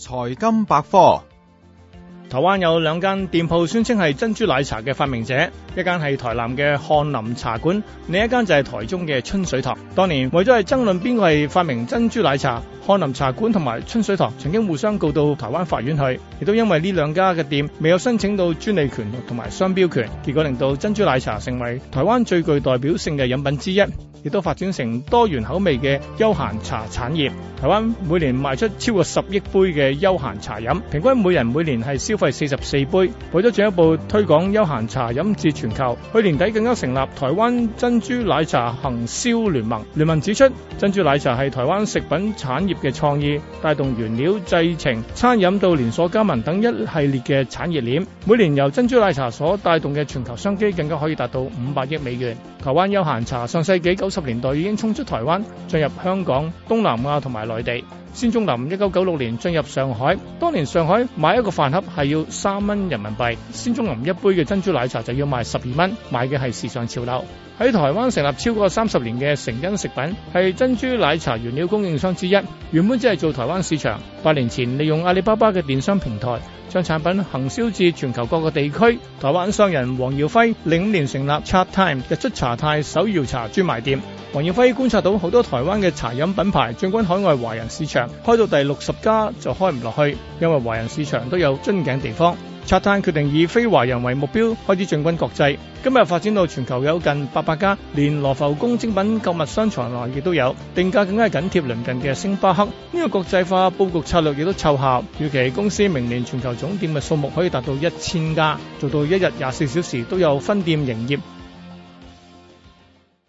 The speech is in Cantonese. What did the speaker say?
財金百科，台灣有兩間店鋪宣稱係珍珠奶茶嘅發明者，一間係台南嘅翰林茶館，另一間就係台中嘅春水堂。當年為咗係爭論邊個係發明珍珠奶茶，翰林茶館同埋春水堂曾經互相告到台灣法院去，亦都因為呢兩家嘅店未有申請到專利權同埋商標權，結果令到珍珠奶茶成為台灣最具代表性嘅飲品之一。亦都發展成多元口味嘅休閒茶產業。台灣每年賣出超過十億杯嘅休閒茶飲，平均每人每年係消費四十四杯。為咗進一步推廣休閒茶飲至全球，去年底更加成立台灣珍珠奶茶行銷聯盟。聯盟指出，珍珠奶茶係台灣食品產業嘅創意，帶動原料製程、餐飲到連鎖加盟等一系列嘅產業鏈。每年由珍珠奶茶所帶動嘅全球商機更加可以達到五百億美元。台灣休閒茶上世紀十年代已經衝出台灣，進入香港、東南亞同埋內地。仙蹤林一九九六年進入上海，當年上海買一個飯盒係要三蚊人民幣，仙蹤林一杯嘅珍珠奶茶就要賣十二蚊，買嘅係時尚潮流。喺台灣成立超過三十年嘅成因食品係珍珠奶茶原料供應商之一，原本只係做台灣市場。八年前利用阿里巴巴嘅電商平台，將產品行銷至全球各個地區。台灣商人黃耀輝零五年成立 Chatime 日出茶太手搖茶專賣店。黃耀輝觀察到好多台灣嘅茶飲品牌進軍海外華人市場，開到第六十家就開唔落去，因為華人市場都有樽頸地方。茶攤決定以非華人為目標，開始進軍國際。今日發展到全球有近八百家，連羅浮宮精品購物商場內亦都有，定價更加緊貼鄰近嘅星巴克。呢、這個國際化佈局策略亦都奏效。預期公司明年全球總店嘅數目可以達到一千家，做到一日廿四小時都有分店營業。